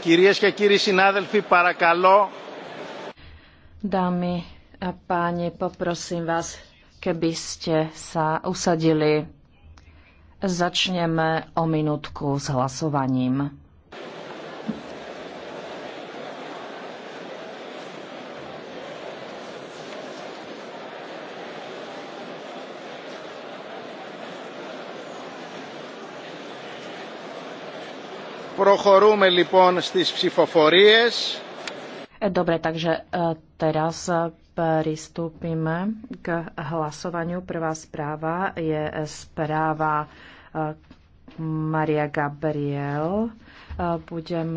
Κυρίες και κύριοι συνάδελφοι, παρακαλώ. Dámy a páni, poprosím vás, keby ste sa usadili. Začneme o minútku s hlasovaním. Prochorujeme λοιπόν στις ψηφοφορίες. Dobre, takže e, teraz e, pristúpime k hlasovaniu. Prvá správa je e, správa Maria Gabriel. Budem